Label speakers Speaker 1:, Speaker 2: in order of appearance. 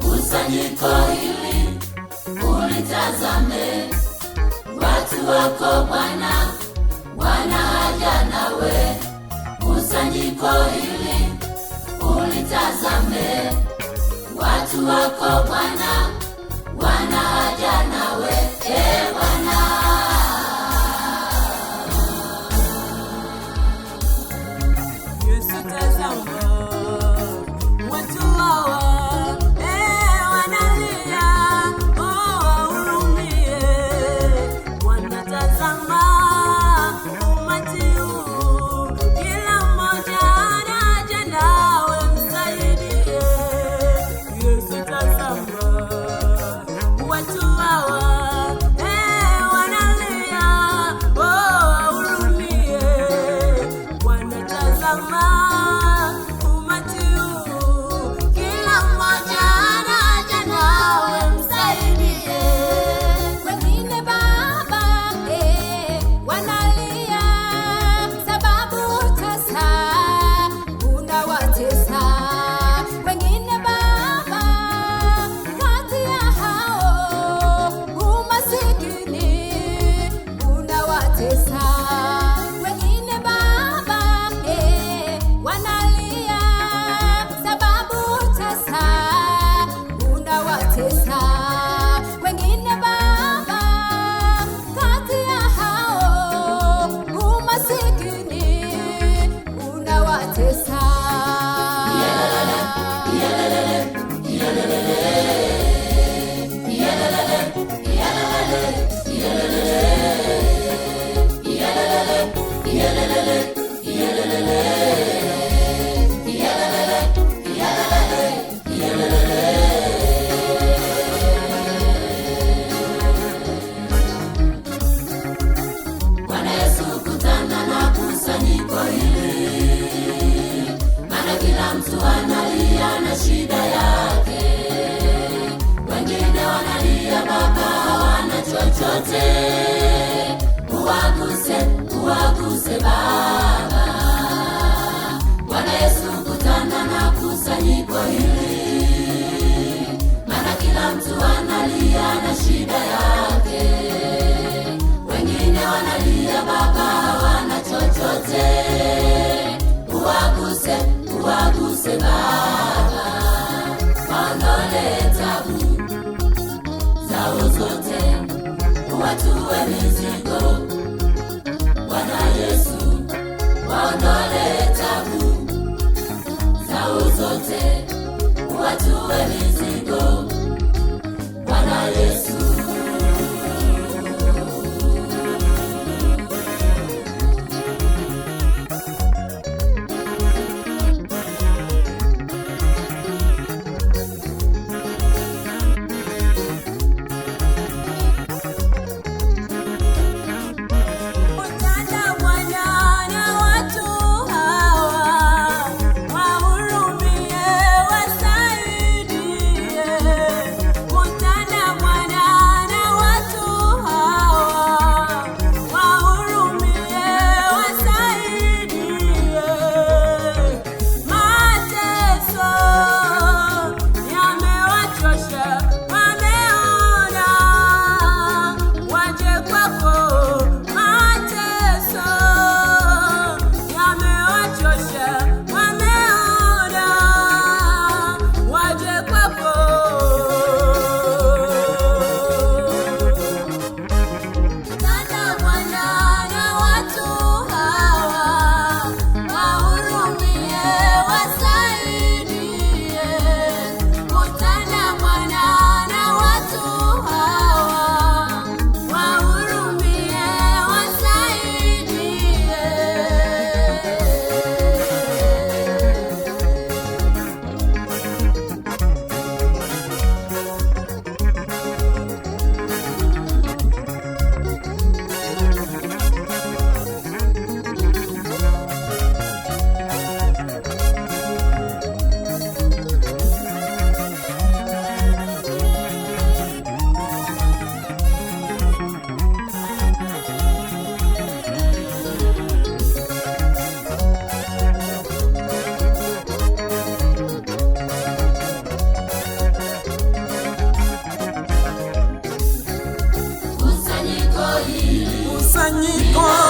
Speaker 1: Kusanyiko hili ulitazame, watu wako Bwana wana haja nawe. Kusanyiko hili ulitazame, watu wako Bwana
Speaker 2: Oh. mtu analia na shida yake, wengine wanalia baba hawana chochote. Uwaguse, uwaguse baba wafuatue mizigo. Bwana Yesu, waondolee tabu zao zote. Annie